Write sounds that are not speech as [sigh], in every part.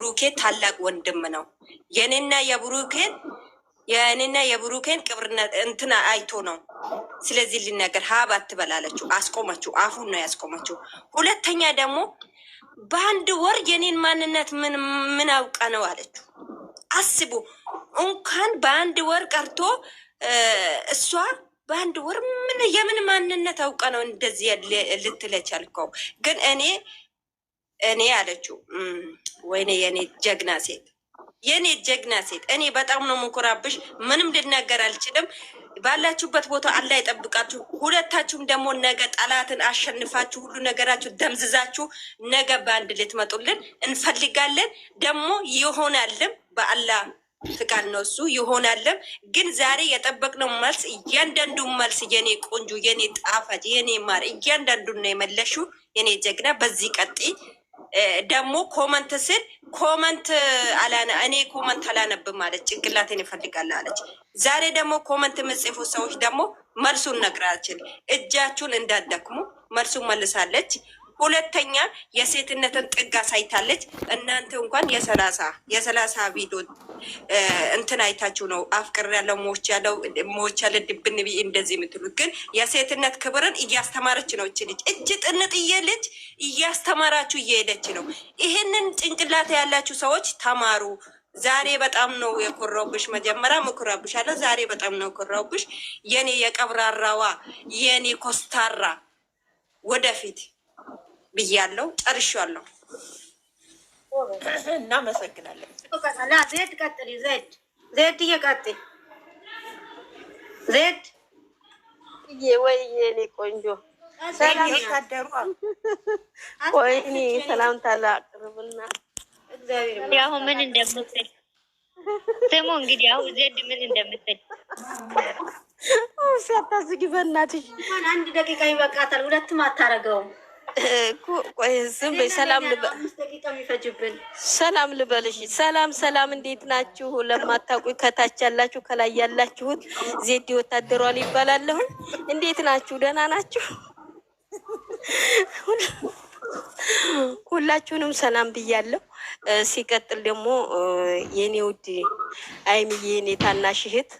ብሩኬ ታላቅ ወንድም ነው። የኔና የብሩኬን የኔና የብሩኬን ቅብርና እንትን አይቶ ነው። ስለዚህ ሊነገር ሀብ አትበላለችው፣ አስቆመችው። አፉን ነው ያስቆመችው። ሁለተኛ ደግሞ በአንድ ወር የኔን ማንነት ምን አውቀ ነው አለችው። አስቡ እንኳን በአንድ ወር ቀርቶ እሷ በአንድ ወር ምን የምን ማንነት አውቀ ነው እንደዚህ ልትለች አልከው። ግን እኔ እኔ አለችው። ወይኔ የኔ ጀግና ሴት፣ የኔ ጀግና ሴት፣ እኔ በጣም ነው ምንኮራብሽ። ምንም ልናገር አልችልም። ባላችሁበት ቦታ አላህ ይጠብቃችሁ። ሁለታችሁም ደግሞ ነገ ጠላትን አሸንፋችሁ ሁሉ ነገራችሁ ደምዝዛችሁ ነገ በአንድ ልትመጡልን እንፈልጋለን። ደግሞ ይሆናልም በአላህ ፍቃድ ነው። እሱ ይሆናለም። ግን ዛሬ የጠበቅነው መልስ እያንዳንዱ መልስ የኔ ቆንጆ፣ የኔ ጣፋጭ፣ የኔ ማር እያንዳንዱ ነው የመለሹ የኔ ጀግና። በዚህ ቀጤ ደግሞ ኮመንት ስል ኮመንት አላነ እኔ ኮመንት አላነብም ማለት ጭንቅላቴን ይፈልጋል አለች። ዛሬ ደግሞ ኮመንት የምጽፉ ሰዎች ደግሞ መልሱን ነግራችን እጃችሁን እንዳደክሙ መልሱን መልሳለች። ሁለተኛ የሴትነትን ጥግ አሳይታለች። እናንተ እንኳን የሰላሳ የሰላሳ ቪዲዮ እንትን አይታችሁ ነው አፍቅር ያለው ሞች ያለው ሞች ያለ ድብን ብዬ እንደዚህ የምትሉት ግን የሴትነት ክብርን እያስተማረች ነው። እች ልጅ እጅ ጥንጥ እየልጅ እያስተማራችሁ እየሄደች ነው። ይህንን ጭንቅላት ያላችሁ ሰዎች ተማሩ። ዛሬ በጣም ነው የኮራውብሽ። መጀመሪያ አለ። ዛሬ በጣም ነው የኮራውብሽ የኔ የቀብራራዋ የኔ ኮስታራ ወደፊት ብያለው፣ ጨርሻለሁ። እናመሰግናለን። ዜድ ቀጥል። ዜድ ዜድ እየቀጥል ዜድ ወይዬ እኔ ቆንጆ ታደሩ ቆይኒ ሰላምታ ላቅርብና ያው ምን እንደምትል ስሙ እንግዲህ ያው ዜድ ምን እንደምትል ሲያታዝጊ በእናትሽ አንድ ደቂቃ ይበቃታል። ሁለትም አታረገውም ዝም በይ። ሰላም ሰላም ልበልሽ። ሰላም ሰላም፣ እንዴት ናችሁ? ለማታውቁኝ ከታች ያላችሁ ከላይ ያላችሁት ዜድ ወታደሯል ይባላለሁ። እንዴት ናችሁ? ደህና ናችሁ? ሁላችሁንም ሰላም ብያለሁ። ሲቀጥል ደግሞ የኔ ውድ አይምዬ፣ የኔ ታናሽ እህት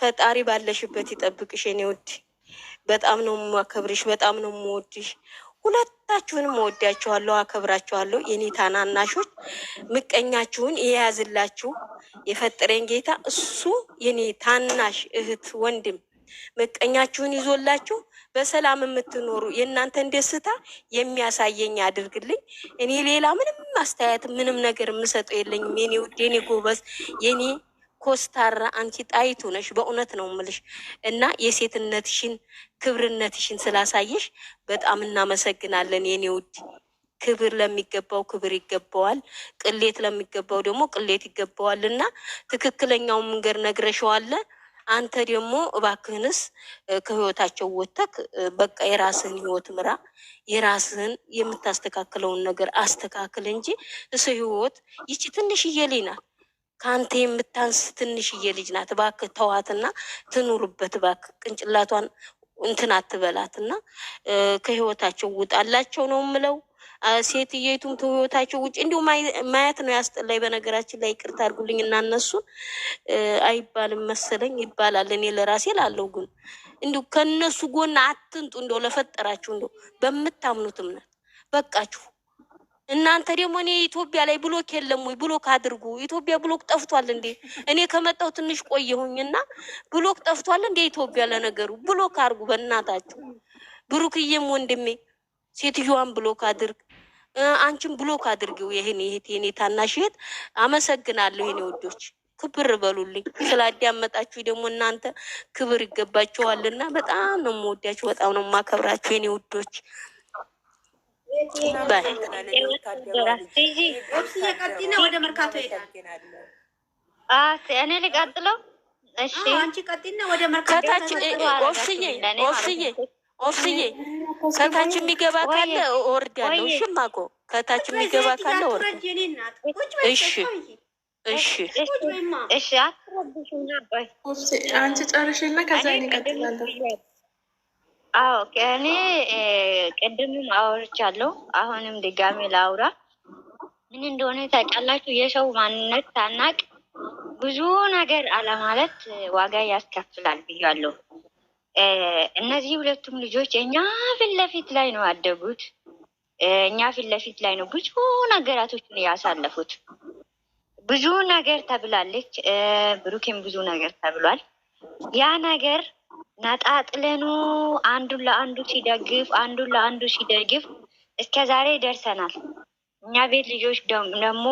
ፈጣሪ ባለሽበት ይጠብቅሽ የኔ ውድ በጣም ነው የማከብርሽ፣ በጣም ነው የምወድሽ። ሁለታችሁንም እወዳችኋለሁ፣ አከብራችኋለሁ። የኔ ታናናሾች ምቀኛችሁን የያዝላችሁ የፈጠረኝ ጌታ እሱ የኔ ታናሽ እህት ወንድም ምቀኛችሁን ይዞላችሁ በሰላም የምትኖሩ የእናንተን ደስታ የሚያሳየኝ አድርግልኝ። እኔ ሌላ ምንም አስተያየት ምንም ነገር የምሰጠው የለኝም። የኔ ውድ የኔ ጎበዝ የኔ ኮስታራ አንቺ ጣይቱ ነሽ፣ በእውነት ነው ምልሽ እና የሴትነትሽን ክብርነትሽን ስላሳየሽ በጣም እናመሰግናለን የኔ ውድ። ክብር ለሚገባው ክብር ይገባዋል፣ ቅሌት ለሚገባው ደግሞ ቅሌት ይገባዋል። እና ትክክለኛው መንገድ ነግረሸዋለ። አንተ ደግሞ እባክህንስ ከህይወታቸው ወጥተክ በቃ የራስህን ህይወት ምራ፣ የራስህን የምታስተካክለውን ነገር አስተካክል እንጂ እሱ ህይወት ይቺ ትንሽ እየሌናል ከአንተ የምታንስ ትንሽዬ ልጅ ናት። እባክህ ተዋትና ትኑርበት። እባክህ ቅንጭላቷን እንትን አትበላትና ከህይወታቸው ውጣላቸው ነው ምለው። ሴትዬቱም ከህይወታቸው ውጭ እንዲሁ ማየት ነው ያስጠላኝ። በነገራችን ላይ ይቅርታ አድርጉልኝ እና እነሱን አይባልም መሰለኝ ይባላል። እኔ ለራሴ ላለው ግን እንዲሁ ከእነሱ ጎን አትንጡ። እንደው ለፈጠራችሁ እንደው በምታምኑት እምነት በቃችሁ። እናንተ ደግሞ እኔ ኢትዮጵያ ላይ ብሎክ የለም ወይ? ብሎክ አድርጉ። ኢትዮጵያ ብሎክ ጠፍቷል እንዴ? እኔ ከመጣው ትንሽ ቆየሁኝ እና ብሎክ ጠፍቷል እንዴ? ኢትዮጵያ ለነገሩ ብሎክ አድርጉ በእናታችሁ። ብሩክዬም ወንድሜ ሴትዮዋን ብሎክ አድርግ፣ አንቺም ብሎክ አድርጊው። ይህን ይህት የኔ ታናሽ እህት አመሰግናለሁ። የኔ ወዶች ክብር በሉልኝ። ስላዳመጣችሁ ደግሞ እናንተ ክብር ይገባችኋልና በጣም ነው የምወዳችሁ፣ በጣም ነው የማከብራችሁ የኔ ውዶች። ወደ መርካቶ እኔ ልቀጥለው። እሺ አንቺ ቀጥይና ወደ መርካቶ ኦፍስዬ ከታች የሚገባ ካለ እወርዳለሁ። እሺ ማቆ ከታች የሚገባ ካለ እሺ እሺ እሺ። አንቺ ጨርሽና ከዛ እኔ እቀጥላለሁ። አዎ ከእኔ ቅድምም አውርቻለሁ። አሁንም ድጋሜ ላውራ። ምን እንደሆነ ታውቃላችሁ? የሰው ማንነት ታናቅ ብዙ ነገር አለማለት ዋጋ ያስከፍላል ብያለሁ። እነዚህ ሁለቱም ልጆች እኛ ፊት ለፊት ላይ ነው ያደጉት። እኛ ፊት ለፊት ላይ ነው ብዙ ነገራቶችን ያሳለፉት። ብዙ ነገር ተብላለች፣ ብሩኬም ብዙ ነገር ተብሏል። ያ ነገር ነጣጥለኑ አንዱን ለአንዱ ሲደግፍ አንዱን ለአንዱ ሲደግፍ እስከ ዛሬ ደርሰናል። እኛ ቤት ልጆች ደግሞ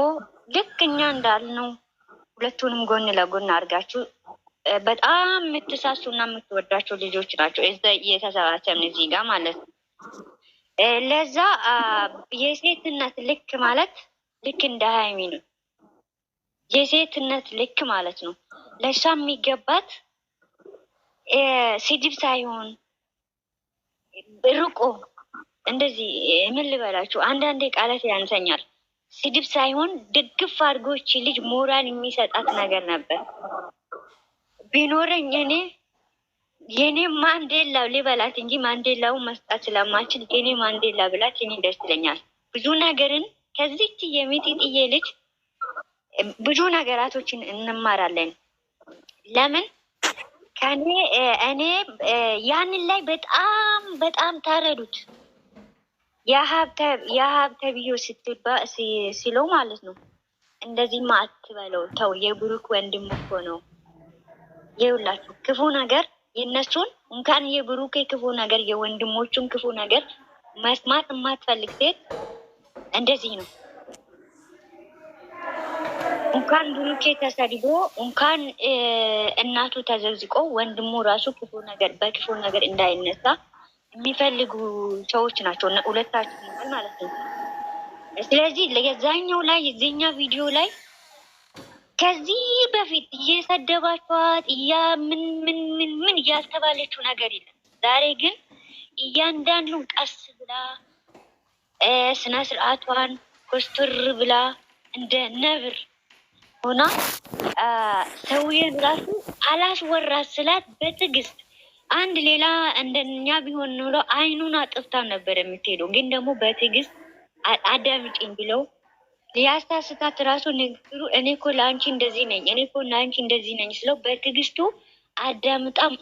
ልክ እኛ እንዳልነው ሁለቱንም ጎን ለጎን አድርጋችሁ በጣም የምትሳሱ እና የምትወዳቸው ልጆች ናቸው። እየተሰባሰብን እዚህ ጋር ማለት ነው። ለዛ የሴትነት ልክ ማለት ልክ እንደ ሀይሚ ነው። የሴትነት ልክ ማለት ነው ለእሷ የሚገባት ስድብ ሳይሆን ርቆ እንደዚህ ምን ልበላችሁ፣ አንዳንዴ ቃላት ያንሰኛል። ስድብ ሳይሆን ድግፍ አድርጎች ልጅ ሞራል የሚሰጣት ነገር ነበር። ቢኖረኝ እኔ የኔ ማንዴላው ሊበላት እንጂ ማንዴላው መስጣት ስለማችል የኔ ማንዴላ ብላት የኔ ደስ ይለኛል። ብዙ ነገርን ከዚች የሚጢጥዬ ልጅ ብዙ ነገራቶችን እንማራለን። ለምን እኔ እኔ ያንን ላይ በጣም በጣም ታረዱት የሀብተብዮ ስለው ማለት ነው። እንደዚህማ አትበለው ተው፣ የብሩክ ወንድም እኮ ነው። ይኸውላችሁ ክፉ ነገር የእነሱን እንኳን የብሩክ ክፉ ነገር የወንድሞቹን ክፉ ነገር መስማት የማትፈልግ ሴት እንደዚህ ነው። እንኳን ብሩኬ ተሰድቦ እንኳን እናቱ ተዘዝቆ ወንድሙ ራሱ ክፉ ነገር በክፉ ነገር እንዳይነሳ የሚፈልጉ ሰዎች ናቸው ሁለታችሁ ማለት ነው። ስለዚህ የዛኛው ላይ የዚኛ ቪዲዮ ላይ ከዚህ በፊት እየሰደባችኋት እያ ምን ምን ምን ምን እያልተባለችው ነገር የለም። ዛሬ ግን እያንዳንዱን ቀስ ብላ ስነ ስርዓቷን ብላ እንደ ነብር ሆና ሰውዬን ራሱ አላስወራ ስላት በትዕግስት አንድ ሌላ እንደኛ ቢሆን ኖሮ አይኑን አጥፍታ ነበር የምትሄደው። ግን ደግሞ በትዕግስት አዳምጪኝ ብለው ሊያስታስታት ራሱ ንግግሩ እኔ እኮ ለአንቺ እንደዚህ ነኝ፣ እኔ እኮ ለአንቺ እንደዚህ ነኝ ስለው በትዕግስቱ አዳምጣም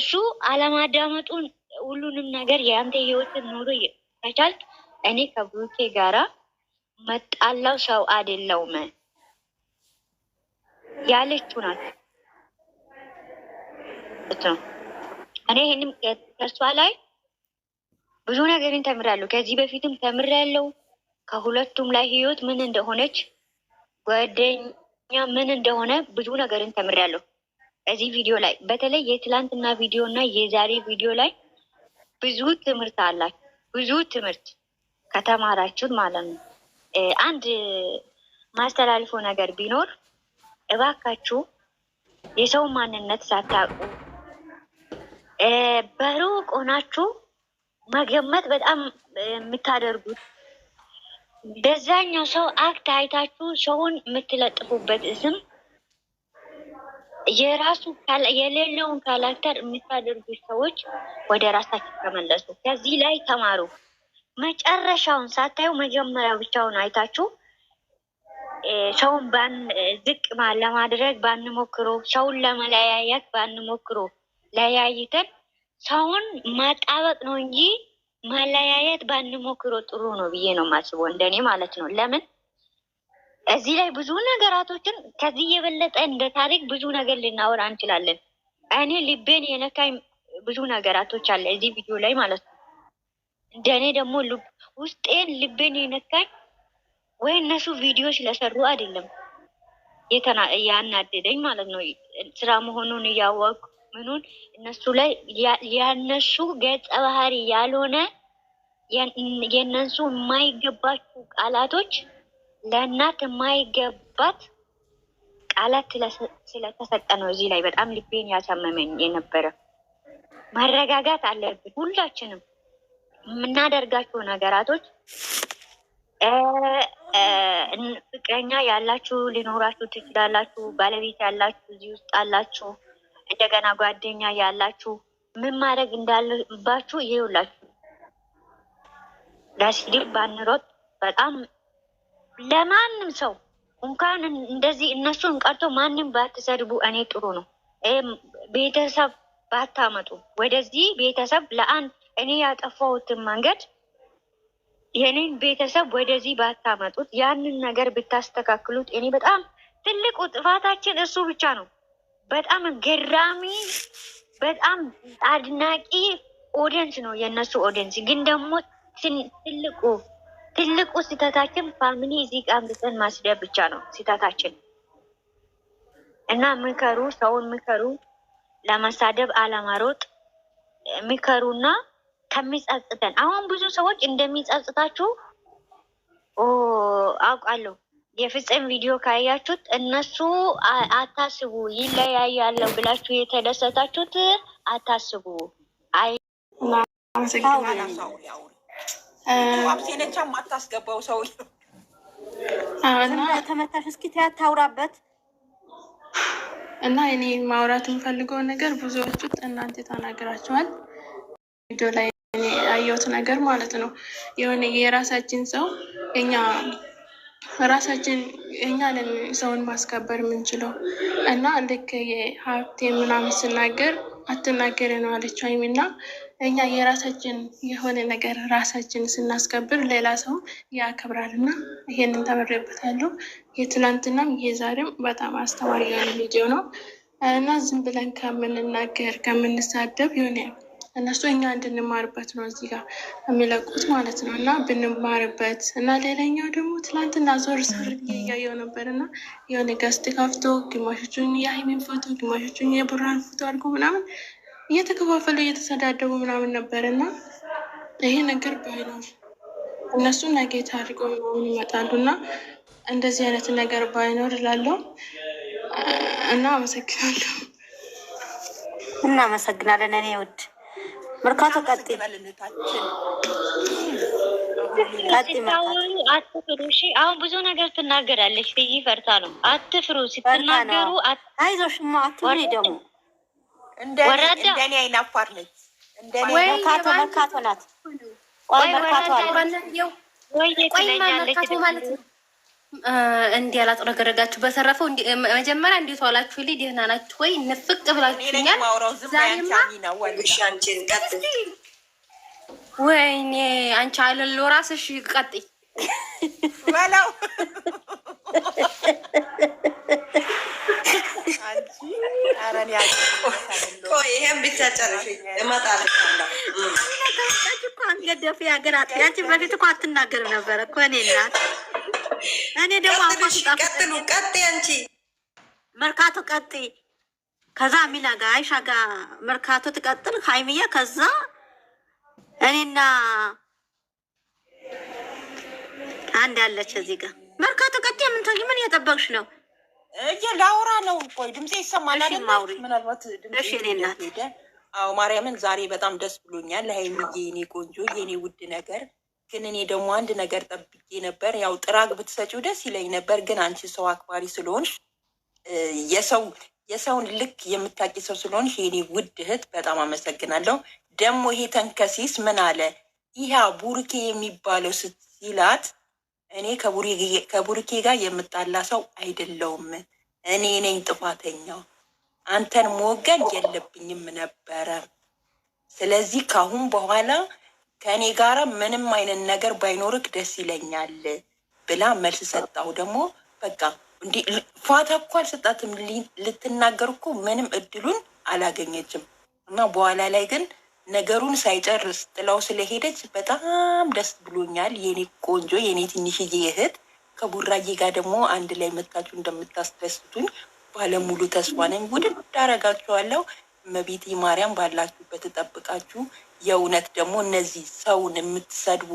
እሱ አለማዳመጡን ሁሉንም ነገር የአንተ ህይወትን ኑሮ ከቻልክ እኔ ከብሩኬ ጋራ መጣላው ሰው አይደለውም። ያለችው ናት። እኔ ይህንም ከእርሷ ላይ ብዙ ነገርን ተምራለሁ። ከዚህ በፊትም ተምሬያለሁ። ከሁለቱም ላይ ህይወት ምን እንደሆነች ጓደኛ ምን እንደሆነ ብዙ ነገርን ተምሬያለሁ። በዚህ ቪዲዮ ላይ በተለይ የትላንትና ቪዲዮ እና የዛሬ ቪዲዮ ላይ ብዙ ትምህርት አላችሁ። ብዙ ትምህርት ከተማራችሁን ማለት ነው። አንድ ማስተላልፎ ነገር ቢኖር እባካችሁ የሰው ማንነት ሳታውቁ በሩቅ ሆናችሁ መገመት በጣም የምታደርጉት በዛኛው ሰው አክት አይታችሁ ሰውን የምትለጥፉበት ስም የራሱ የሌለውን ካራክተር የምታደርጉት ሰዎች ወደ ራሳችሁ ተመለሱ። ከዚህ ላይ ተማሩ። መጨረሻውን ሳታዩ መጀመሪያ ብቻውን አይታችሁ ሰውን ዝቅ ለማድረግ ባንሞክሮ ሰውን ለመለያየት ባንሞክሮ ለያይተን ሰውን ማጣበቅ ነው እንጂ መለያየት ባንሞክሮ ጥሩ ነው ብዬ ነው የማስበው፣ እንደኔ ማለት ነው። ለምን እዚህ ላይ ብዙ ነገራቶችን ከዚህ የበለጠ እንደ ታሪክ ብዙ ነገር ልናወራ እንችላለን። እኔ ልቤን የነካኝ ብዙ ነገራቶች አለ እዚህ ቪዲዮ ላይ ማለት ነው። እንደኔ ደግሞ ውስጤን ልቤን የነካኝ ወይ እነሱ ቪዲዮ ስለሰሩ አይደለም ያናደደኝ ማለት ነው። ስራ መሆኑን እያወቅ ምኑን እነሱ ላይ ያነሱ ገጸ ባህሪ ያልሆነ የእነሱ የማይገባቸው ቃላቶች ለእናት የማይገባት ቃላት ስለተሰጠ ነው። እዚህ ላይ በጣም ልቤን ያሳመመኝ የነበረ መረጋጋት አለብን ሁላችንም የምናደርጋቸው ነገራቶች ፍቅረኛ ያላችሁ ሊኖራችሁ ትችላላችሁ። ባለቤት ያላችሁ እዚህ ውስጥ አላችሁ። እንደገና ጓደኛ ያላችሁ ምን ማድረግ እንዳለባችሁ ይኸውላችሁ። ለሲዲ ባንሮጥ በጣም ለማንም ሰው እንኳን እንደዚህ እነሱን ቀርቶ ማንም ባትሰድቡ እኔ ጥሩ ነው። ቤተሰብ ባታመጡ ወደዚህ ቤተሰብ ለአንድ እኔ ያጠፋሁትን መንገድ የኔን ቤተሰብ ወደዚህ ባታመጡት ያንን ነገር ብታስተካክሉት፣ እኔ በጣም ትልቁ ጥፋታችን እሱ ብቻ ነው። በጣም ገራሚ በጣም አድናቂ ኦዲየንስ ነው የእነሱ ኦዲየንስ። ግን ደግሞ ትልቁ ትልቁ ስህተታችን ፋሚሊ እዚህ ጋር ማስደብ ብቻ ነው ስህተታችን። እና ምከሩ፣ ሰውን ምከሩ፣ ለመሳደብ አለማሮጥ ምከሩና ከሚጸጽተን አሁን ብዙ ሰዎች እንደሚጸጽታችሁ አውቃለሁ። የፍጽም ቪዲዮ ካያችሁት እነሱ አታስቡ ይለያያለሁ ብላችሁ የተደሰታችሁት አታስቡ። ሰው ተመታሽ። እስኪ ታውራበት እና እኔ ማውራት የምፈልገው ነገር ብዙዎቹ እናንተ ተናግራችኋል ቪዲዮ ላይ ያየሁት ነገር ማለት ነው። የሆነ የራሳችን ሰው እኛ ራሳችን እኛ ሰውን ማስከበር የምንችለው እና ልክ የሀብቴ ምናምን ስናገር አትናገር ነው አለች እና እኛ የራሳችን የሆነ ነገር ራሳችን ስናስከብር ሌላ ሰው ያከብራል እና ይሄንን ተመሬበታለሁ። የትናንትናም የዛሬም በጣም አስተማሪ የሆነ ቪዲዮ ነው እና ዝም ብለን ከምንናገር ከምንሳደብ የሆነ እነሱ እኛ እንድንማርበት ነው እዚህ ጋር የሚለቁት ማለት ነው። እና ብንማርበት እና ሌላኛው ደግሞ ትላንትና ዞር ስር እያየው ነበር እና የሆነ ገስት ከፍቶ ግማሾቹን የሀይሚን ፎቶ፣ ግማሾቹን የቡራን ፎቶ አድርጎ ምናምን እየተከፋፈሉ እየተሰዳደቡ ምናምን ነበር እና ይሄ ነገር ባይኖር እነሱ ነጌታ አድርገው ምናምን ይመጣሉ እና እንደዚህ አይነት ነገር ባይኖር እላለሁ እና አመሰግናለሁ። እናመሰግናለን እኔ ውድ መርካቶ ቀጥ አትፍሩ። እሺ አሁን ብዙ ነገር ትናገራለች ብዬ ፈርታ ነው። አትፍሩ ስትናገሩ። አይዞሽማ አትፍሪ። ደግሞ እንደኔ አይናፋር ነች። መርካቶ መርካቶ ናት። ቆይ መርካቶ ማለት ነው እንዲህ አላጥረገረጋችሁ። በተረፈው መጀመሪያ እንዴት ዋላችሁ? ልጅ ደህና ናችሁ ወይ? ንፍቅ ብላችሁኛል። ወይኔ አንቺ አለሎ ራስሽ ቀጥይ በለው ይሄን ብቻ ጨርሽ እመጣለሁ። አንገደፊ ሀገር አጥያችን በፊት እኮ አትናገርም ነበረ እኮ እኔ እናት እኔ ደግሞ ቀጥሉ፣ ቀጥ አንቺ መርካቶ ቀጥ ከዛ ሚና ጋ አይሻ ጋ መርካቶ ትቀጥል ሀይሚያ። ከዛ እኔና አንድ አለች እዚህ ጋር መርካቶ ቀጥ ምን ትሆኝ? ምን እየጠበቅሽ ነው? ላውራ ነው። ቆይ ድምፄ ይሰማል አይደል? ምናልባት ድምፅ ሄደ። አዎ ማርያምን ዛሬ በጣም ደስ ብሎኛል። ለሀይሚዬ የኔ ቆንጆ የኔ ውድ ነገር ግን እኔ ደግሞ አንድ ነገር ጠብቄ ነበር። ያው ጥራግ ብትሰጪው ደስ ይለኝ ነበር፣ ግን አንቺ ሰው አክባሪ ስለሆንሽ የሰው የሰውን ልክ የምታውቂ ሰው ስለሆንሽ የኔ ውድ እህት በጣም አመሰግናለሁ። ደግሞ ይሄ ተንከሲስ ምን አለ ይህ ቡርኬ የሚባለው ስትላት፣ እኔ ከቡርኬ ጋር የምጣላ ሰው አይደለውም። እኔ ነኝ ጥፋተኛው፣ አንተን መወገን የለብኝም ነበረ። ስለዚህ ከአሁን በኋላ ከእኔ ጋር ምንም አይነት ነገር ባይኖርክ ደስ ይለኛል ብላ መልስ ሰጣው። ደግሞ በቃ እንዲ ፋታ እኮ አልሰጣትም። ልትናገር እኮ ምንም እድሉን አላገኘችም። እና በኋላ ላይ ግን ነገሩን ሳይጨርስ ጥላው ስለሄደች በጣም ደስ ብሎኛል። የኔ ቆንጆ፣ የኔ ትንሽዬ እህት ከቡራዬ ጋር ደግሞ አንድ ላይ መታችሁ እንደምታስደስቱኝ ባለሙሉ ተስፋ ነኝ። ውድድ አረጋችኋለሁ። እመቤቴ ማርያም ባላችሁበት ጠብቃችሁ የእውነት ደግሞ እነዚህ ሰውን የምትሰድቡ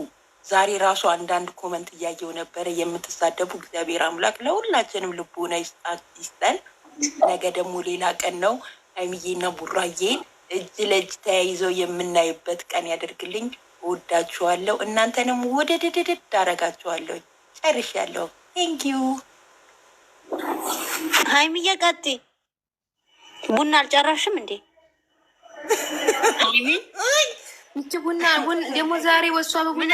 ዛሬ ራሱ አንዳንድ ኮመንት እያየው ነበረ። የምትሳደቡ እግዚአብሔር አምላክ ለሁላችንም ልቦና ይስጠን። ነገ ደግሞ ሌላ ቀን ነው። ሀይሚዬና ቡራዬን እጅ ለእጅ ተያይዘው የምናይበት ቀን ያደርግልኝ። እወዳችኋለሁ። እናንተንም ወደ ድድድድ አረጋችኋለሁ። ጨርሻለሁ። ቴንኪዩ ሀይሚዬ። ቀጤ ቡና አልጨረሽም እንዴ? [laughs] ይቺ ቡና ደግሞ ዛሬ ወሷ በቡና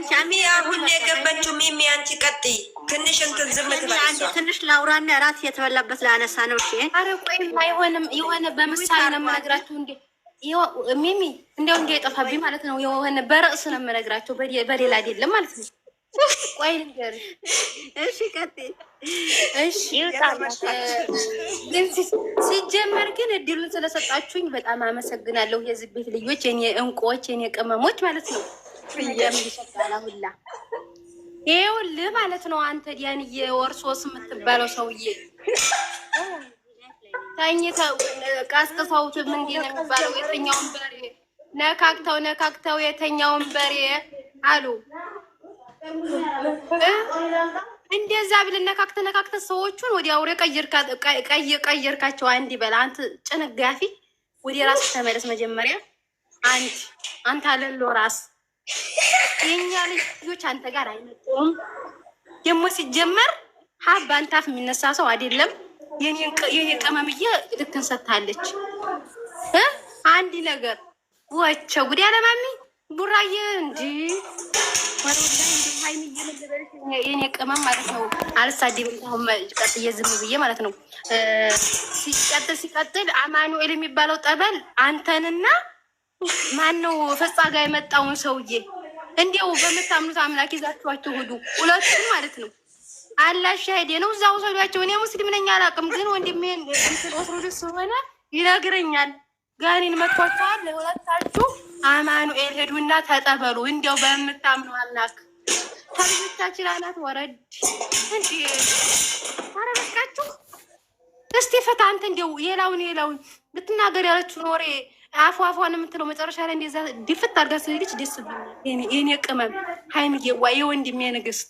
ሚሚ ቡና የገባችው ሚሚ፣ አንቺ ቀጥይ። ትንሽ እንትን ዝም ትበል። ትንሽ ላውራና እራት ነው። እሺ፣ አይሆንም። የሆነ በምሳሌ ነው የምነግራችሁ። ሚሚ ማለት ነው። የሆነ በርዕስ ነው የምነግራቸው፣ በሌላ አይደለም ማለት ነው። ቆይ ልንገርሽ። እሺ ቀጥይ። እሺ ሲጀመር ግን እድሉን ስለሰጣችሁኝ በጣም አመሰግናለሁ። የዚህ ቤት ልጆች፣ የኔ እንቁዎች፣ የኔ ቅመሞች ማለት ነው። ሁላ ይኸውልህ ማለት ነው አንተ ዲያንዬ ወርሶስ የምትባለው ሰውዬ ተኝተ ቀስቅሰውት ምንድን ነው የሚባለው? የተኛውን በሬ ነካክተው ነካክተው የተኛውን በሬ አሉ እንደዛ ብለን ነካክተ ነካክተ ሰዎቹን ወዲ አውሬ ቀየርካቸው። አንድ ይበላ አንተ ጭንጋፊ፣ ወዲ ራስ ተመለስ መጀመሪያ። አንድ አንተ አለሎ ራስ የኛ ልጆች አንተ ጋር አይመጡም። ደግሞ ሲጀመር ሀብ በአንታፍ የሚነሳ ሰው አይደለም። የኔ ቅመምዬ ልክ እንሰታለች። አንድ ነገር ወቸው ጉዲ አለማሚ ቡራዬ እንዲህ ወላሂ ቅመም ማለት ነው። አልሳደብም ቀጥዬ ዝም ብዬ ማለት ነው። ሲቀጥል ሲቀጥል አማኑኤል የሚባለው ጠበል አንተንና ማነው ፈጻ ጋር የመጣውን ሰውዬ እንዲያው በምታምኑት አምላክ ይዛችኋቸው ሁዱ ሁለቱም ማለት ነው። አላሻሄዴ ነው እዛ ውሰዷቸው። እኔ ሙስሊም ነኝ አላውቅም፣ ግን ወንድሜን ኦርቶዶክስ ሆነ ይነግረኛል። ጋኔን መጥቷቸዋል ሁለታችሁ አማኑኤል ሄዱና ተጠበሉ። እንዲያው በምታምኑ አምላክ ከልጆቻችን አናት ወረድ እንዲ አረበቃችሁ እስቲ ፈታ አንተ እንዲያው የላውን የላውን ብትናገር ያለችውን ወሬ አፏ አፏን የምትለው መጨረሻ ላይ እንደዛ ድፍት አድርጋ ስለሄደች ደስ ብሎኛል። የኔ ቅመም ሀይምዬ ዋ የወንድሜ ንግስት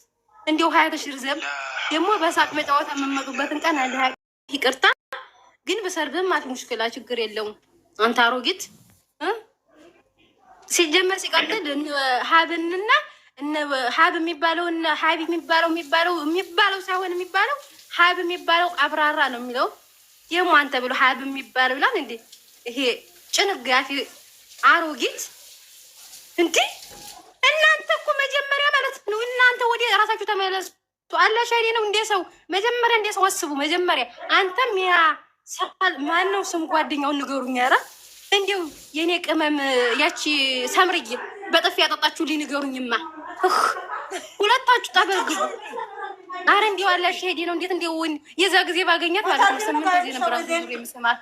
እንዲያው ሀያተሽ ርዘም ደግሞ በሳቅ በጨዋታ የምመጡበትን ቀን አለ። ይቅርታ ግን በሰርብም አት ሙሽክላ ችግር የለውም አንተ አሮጊት ሲጀመር ሲቀጥል ሀብንና ሀብ የሚባለው ሀብ የሚባለው የሚባለው የሚባለው ሳይሆን የሚባለው ሀብ የሚባለው አብራራ ነው የሚለው የማን አንተ ብሎ ሀብ የሚባለው ይላል እንዴ! ይሄ ጭንጋፊ አሮጊት እንዴ! እናንተ እኮ መጀመሪያ ማለት ነው እናንተ ወደ ራሳችሁ ተመለሱ። አላ ነው እንደ ሰው መጀመሪያ እንደ ሰው አስቡ። መጀመሪያ አንተም ያ ማነው ስም ጓደኛውን ንገሩኝ። ያራ እንዲሁ የእኔ ቅመም ያቺ ሳምርዬ በጥፊ ያጠጣችሁ ሊንገሩኝማ ሁለታችሁ ጠበግቡ። አረ እንዲሁ አላሽ ሄዲ ነው እንዴት እንዲሁ የዛ ጊዜ ባገኛት ማለት ነው። ስምንት ጊዜ ነበር የምስማት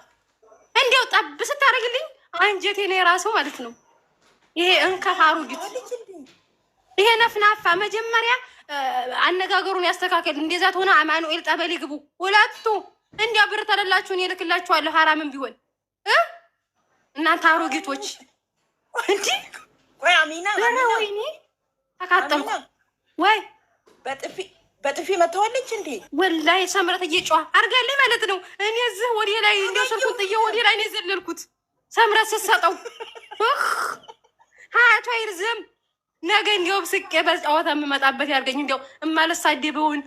እንዲሁ ጠብ ስታደርግልኝ አንጀቴ ነው የራሱ ማለት ነው። ይሄ እንከፋሩ ግት ይሄ ነፍናፋ መጀመሪያ አነጋገሩን ያስተካከል። እንደዛ ሆነ። አማኑኤል ጠበል ግቡ ሁለቱ። እንዲያ ብር ተለላችሁን ይልክላችኋለሁ። ሀራምን ቢሆን እናንተ አሮጌቶች ወይኔ ወይ በጥፊ መታዋለች እንዴ? ወላሂ ሰምረት እየጨዋ አድርጋለች ማለት ነው። እኔ እዚህ ወደ ላይ እንደው ስልኩን ጥዬ ላይ ነው የዘለልኩት። ሰምረት ስትሰጠው ሀያቷ ይርዘም። ነገ እንዲያው ስቄ በጫወታ የምመጣበት ያድርገኝ። እንዲያው እማልሳደበውን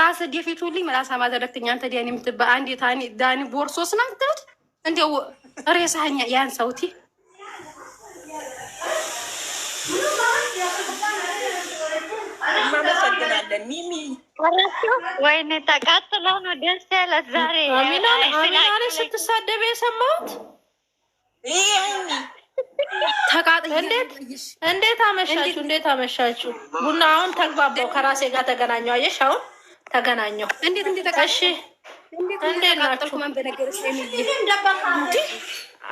ራስ ደፊቱልኝ መላሳ ማዘረክትኛ አንተ ዲያን የምትባል አንድ ዳኒ ቦርሶስ ነው የምትሉት እንዲያው ሬሳኛ ያን ሰውቲ እናመሰግናለን። ሚሚ ወይኔ ተቃጥሎ ነው ደስ ያለት ዛሬ። ስትሳደብ የሰማሁት እንዴት አመሻችሁ? እንዴት አመሻችሁ? ቡና አሁን ተግባባው። ከራሴ ጋር ተገናኘው። አየሽ አሁን ተገናኘው። እንዴት እንዴት እሺ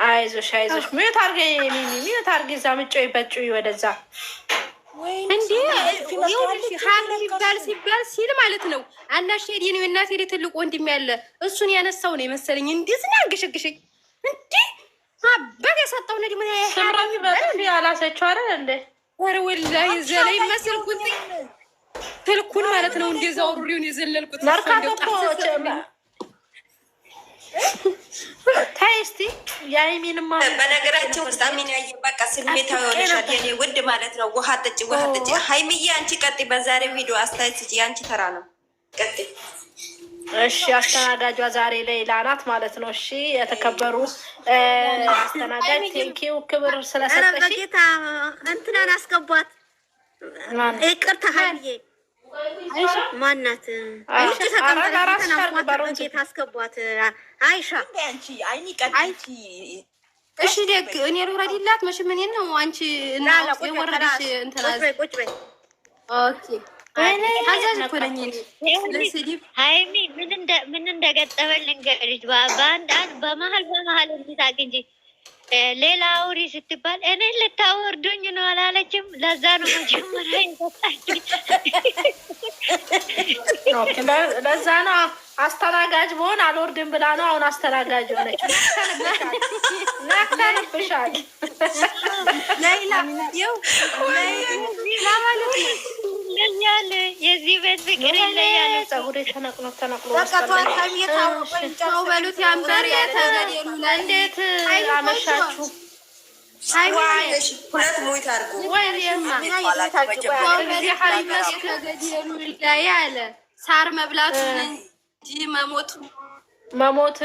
አይዞሽ አይዞሽ፣ ሚዩት አድርገኝ ሚሚ፣ ሚዩት አድርጊ። እዛ ምጮይ በጩይ ወደዛ እንዴ ሲባል ሲል ማለት ነው። አላሽ ሄድ የኔ እናት ሄድ ትልቅ ወንድም ያለ እሱን ያነሳው ነው የመሰለኝ። እንዲህ ዝና ገሸግሸኝ እንዴ አባት ያሳጣው ነው። ዲሞያ ሰምራሚ ባለ እንዴ አላሰቸው አይደል እንዴ ወረ ወላሂ ዘላይ መሰልኩት ትልኩን ማለት ነው። እንደዛ አውሩሪውን የዘለልኩት መርካቶ ታይ እስቲ የአይሜንማ በነገራችን ውስጥ አሚን ያየ በቃ ስሜታዊ ሆነሻል የኔ ውድ ማለት ነው። ውሃ ጠጪ፣ ውሃ ጠጪ። ሀይሚዬ አንቺ ቀጥይ። በዛሬው ቪዲዮ አስተያየት ስጪ። አንቺ ተራ ነው፣ ቀጥይ። እሺ አስተናጋጇ ዛሬ ሌይላ ናት ማለት ነው። እሺ የተከበሩ አስተናጋጅ ቴንኪው፣ ክብር ስለሰጠሽ። በጌታ እንትናን አስገቧት። ይቅርታ ሀይሚዬ ማናት? አይሻ ተቀምጣለች። ታስገቧት አይሻ። እሺ ደግ እኔ ልውረድላት። መቼም እኔን ነው አንቺ እና የወረደሽ እንትን ኦኬ ሀይሚ ምን እንደገጠመኝ ልንገርሽ። በመሀል በመሀል እንዲህ እንጂ ሌላ አውሪ ስትባል እኔ ልታወርዱኝ ነው አላለችም። ለዛ ነው መጀመሪያ ለዛ ነው አስተናጋጅ መሆን አልወርድም ብላ ነው አሁን አስተናጋጅ ሆነች። ይለያል። የዚህ ቤት ፍቅር ይለያል። ጸጉር ተነቅሎ ተነቅሎ ያንበር የተገደሉ እንዴት አመሻችሁ? ሳር መብላቱ እንጂ መሞቱ መሞት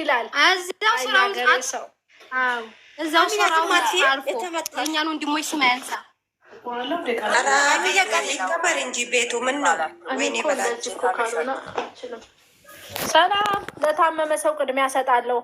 ይላል። እዛው ስራው እዛው ስራው አልፎ ነው ወንድሞች ስም ያንሳ አብዬ ይከበር እንጂ ቤቱ ምን ነው? ሰላም ለታመመ ሰው ቅድሚያ ሰጣለሁ።